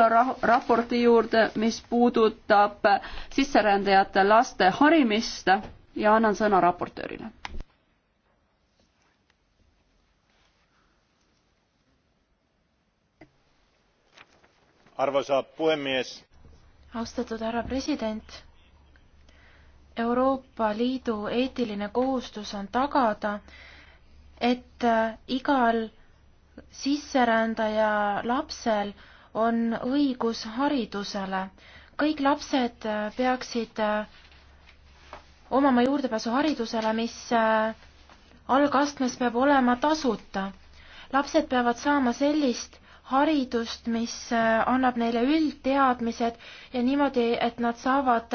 Kopla raporti juurde, mis puudutab sisserändajate laste harimist ja annan sõna raportöörile. arvoisa puhemies. austatud härra president. Euroopa Liidu eetiline kohustus on tagada, et igal sisserändaja lapsel on õigus haridusele. kõik lapsed äh, peaksid äh, omama juurdepääsu haridusele, mis äh, algastmes peab olema tasuta. lapsed peavad saama sellist haridust, mis annab neile üldteadmised ja niimoodi, et nad saavad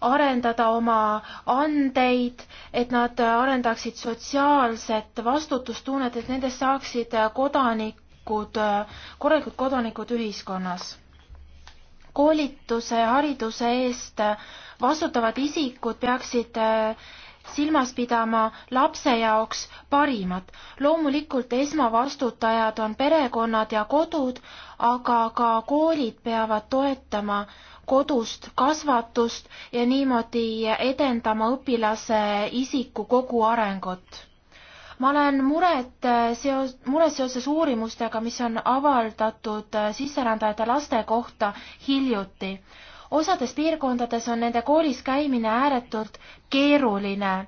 arendada oma andeid, et nad arendaksid sotsiaalset vastutustunnet, et nendest saaksid kodanik, kodanikud, korralikud kodanikud ühiskonnas. koolituse, hariduse eest vastutavad isikud peaksid eh, silmas pidama lapse jaoks parimat. loomulikult esmavastutajad on perekonnad ja kodud, aga ka koolid peavad toetama kodust kasvatust ja niimoodi edendama õpilase isiku kogu arengut ma olen muret äh, seos, mures seoses uurimustega, mis on avaldatud äh, sisserändajate laste kohta hiljuti. osades piirkondades on nende koolis käimine ääretult keeruline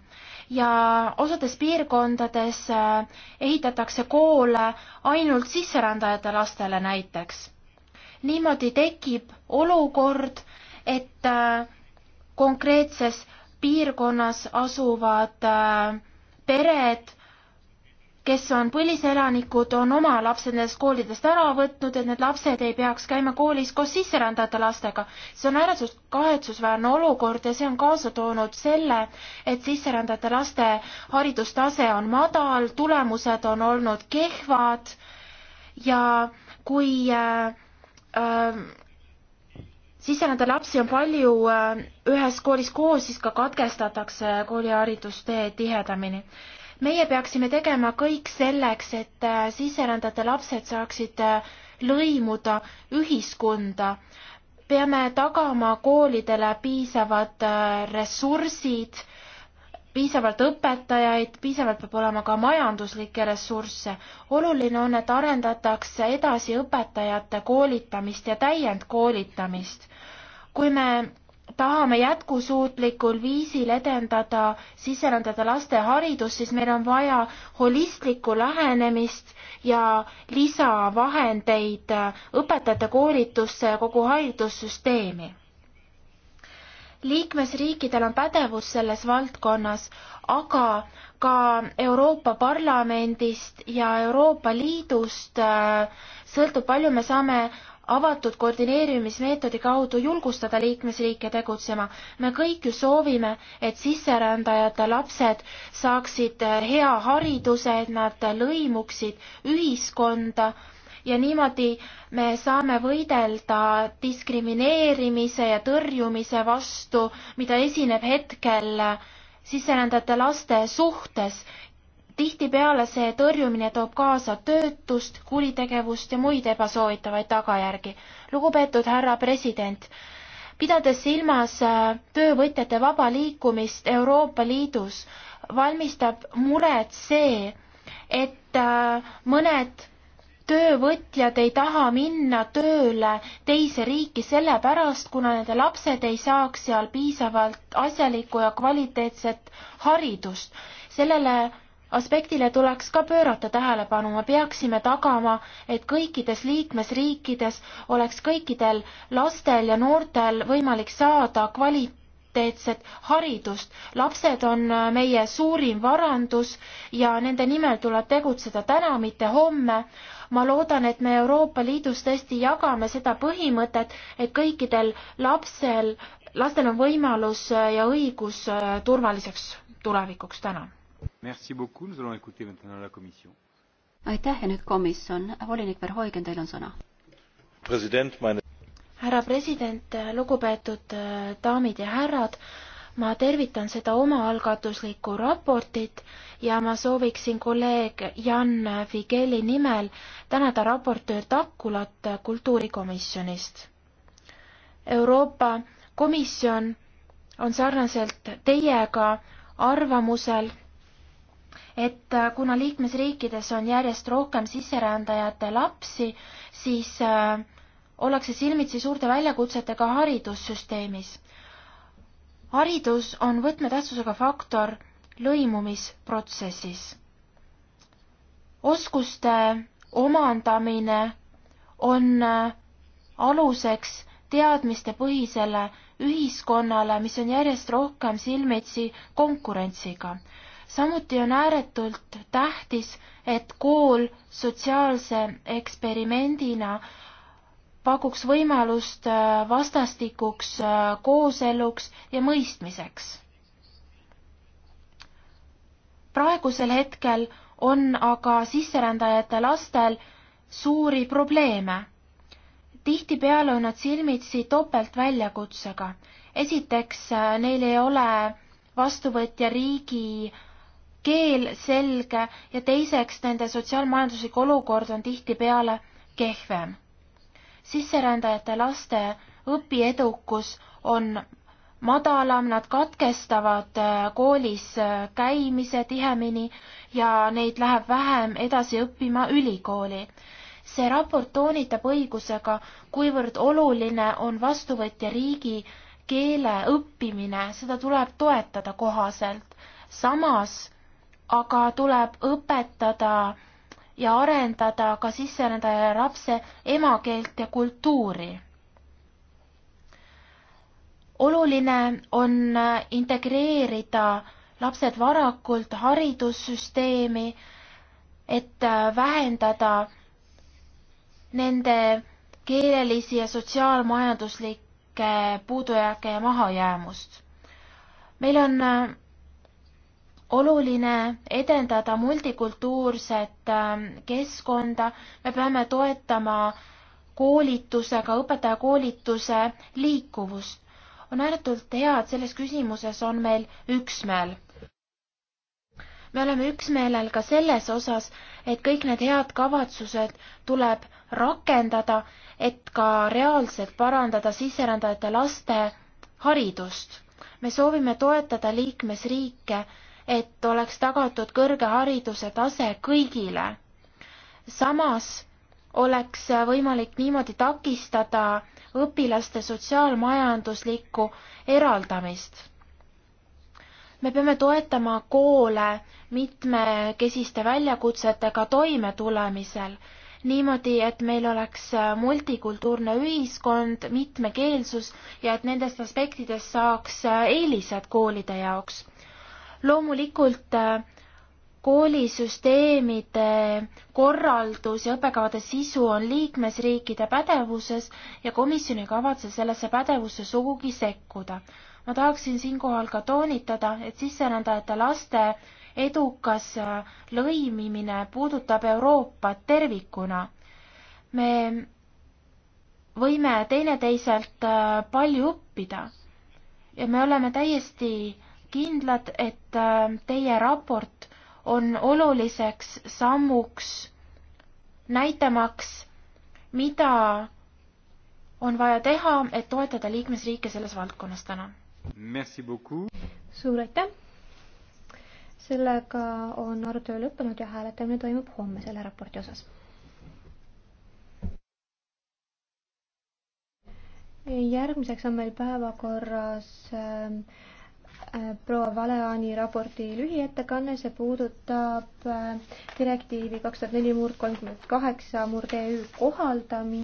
ja osades piirkondades äh, ehitatakse koole ainult sisserändajate lastele näiteks. niimoodi tekib olukord, et konkreetses piirkonnas asuvad pered kes on põliselanikud, on oma lapsed nendest koolidest ära võtnud, et need lapsed ei peaks käima koolis koos sisserändajate lastega. see on ääretult kahetsusväärne olukord ja see on kaasa toonud selle, et sisserändajate laste haridustase on madal, tulemused on olnud kehvad ja kui äh, äh, sisserändajate lapsi on palju äh, ühes koolis koos, siis ka katkestatakse kooliharidustee tihedamini meie peaksime tegema kõik selleks, et äh, sisserändajate lapsed saaksid äh, lõimuda ühiskonda. peame tagama koolidele piisavad äh, ressursid, piisavalt õpetajaid, piisavalt peab olema ka majanduslikke ressursse. oluline on, et arendatakse edasi õpetajate koolitamist ja täiendkoolitamist. kui me tahame jätkusuutlikul viisil edendada sisserändajate laste haridust, siis meil on vaja holistlikku lähenemist ja lisavahendeid õpetajate koolitusse ja kogu haridussüsteemi. liikmesriikidel on pädevus selles valdkonnas, aga ka Euroopa Parlamendist ja Euroopa Liidust äh, sõltub, palju me saame avatud koordineerimismeetodi kaudu julgustada liikmesriike tegutsema. me kõik ju soovime, et sisserändajate lapsed saaksid eh, hea hariduse, et nad lõimuksid ühiskonda ja niimoodi me saame võidelda diskrimineerimise ja tõrjumise vastu, mida esineb hetkel sisserändajate laste suhtes tihtipeale see tõrjumine toob kaasa töötust, kuritegevust ja muid ebasoovitavaid tagajärgi. lugupeetud härra president, pidades silmas äh, töövõtjate vaba liikumist Euroopa Liidus, valmistab muret see, et äh, mõned töövõtjad ei taha minna tööle teise riiki sellepärast, kuna nende lapsed ei saaks seal piisavalt asjalikku ja kvaliteetset haridust. sellele aspektile tuleks ka pöörata tähelepanu, me peaksime tagama, et kõikides liikmesriikides oleks kõikidel lastel ja noortel võimalik saada kvaliteetset haridust. lapsed on meie suurim varandus ja nende nimel tuleb tegutseda täna, mitte homme. ma loodan, et me Euroopa Liidus tõesti jagame seda põhimõtet, et kõikidel lapsel, lastel on võimalus ja õigus turvaliseks tulevikuks. tänan aitäh ja nüüd komisjon, volinik Verhoigen, teil on sõna. härra president, lugupeetud äh, daamid ja härrad, ma tervitan seda omaalgatuslikku raportit ja ma sooviksin kolleeg Jan Figeli nimel tänada raportöör Takulat kultuurikomisjonist. Euroopa Komisjon on sarnaselt teiega arvamusel, et äh, kuna liikmesriikides on järjest rohkem sisserändajate lapsi, siis äh, ollakse silmitsi suurte väljakutsetega haridussüsteemis. haridus on võtmetähtsusega faktor lõimumisprotsessis. oskuste omandamine on äh, aluseks teadmistepõhisele ühiskonnale, mis on järjest rohkem silmitsi konkurentsiga samuti on ääretult tähtis, et kool sotsiaalse eksperimendina pakuks võimalust äh, vastastikuks äh, kooseluks ja mõistmiseks. praegusel hetkel on aga sisserändajate lastel suuri probleeme. tihtipeale on nad silmitsi topeltväljakutsega. esiteks, äh, neil ei ole vastuvõtja riigi äh, keel selge ja teiseks nende sotsiaalmajanduslik olukord on tihtipeale kehvem. sisserändajate laste õpiedukus on madalam, nad katkestavad äh, koolis äh, käimise tihemini ja neid läheb vähem edasi õppima ülikooli. see raport toonitab õigusega, kuivõrd oluline on vastuvõtja riigi keele õppimine, seda tuleb toetada kohaselt. samas aga tuleb õpetada ja arendada ka sisserändaja lapse emakeelt ja kultuuri. oluline on integreerida lapsed varakult haridussüsteemi, et vähendada nende keelelisi ja sotsiaalmajanduslikke puudujääke ja mahajäämust. meil on oluline edendada multikultuurset ähm, keskkonda, me peame toetama koolitusega, õpetajakoolituse liikuvust. on ääretult hea, et selles küsimuses on meil üksmeel. me oleme üksmeelel ka selles osas, et kõik need head kavatsused tuleb rakendada, et ka reaalselt parandada sisserändajate laste haridust. me soovime toetada liikmesriike et oleks tagatud kõrge hariduse tase kõigile. samas oleks võimalik niimoodi takistada õpilaste sotsiaalmajanduslikku eraldamist. me peame toetama koole mitmekesiste väljakutsetega toimetulemisel, niimoodi, et meil oleks multikultuurne ühiskond, mitmekeelsus ja et nendest aspektidest saaks eelised koolide jaoks loomulikult äh, koolisüsteemide korraldus ja õppekavade sisu on liikmesriikide pädevuses ja komisjon ei kavatse sellesse pädevusse sugugi sekkuda. ma tahaksin siinkohal ka toonitada, et sisserändajate laste edukas äh, lõimimine puudutab Euroopat tervikuna. me võime teineteiselt äh, palju õppida ja me oleme täiesti kindlad, et äh, teie raport on oluliseks sammuks näitamaks, mida on vaja teha, et toetada liikmesriike selles valdkonnas täna. suur aitäh! sellega on arutelu lõppenud ja hääletamine toimub homme selle raporti osas. järgmiseks on meil päevakorras äh, Äh, proua Valeani raporti lühiettekanne, see puudutab äh, direktiivi kaks tuhat neli murd kolmkümmend kaheksa murd EÜ kohaldamist.